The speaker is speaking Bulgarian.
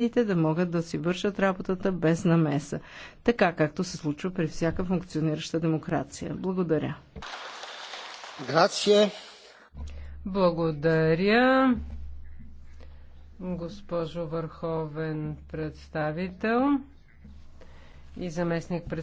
медиите да могат да си вършат работата без намеса, така както се случва при всяка функционираща демокрация. Благодаря. Грация. Благодаря, госпожо Върховен представител и заместник председател.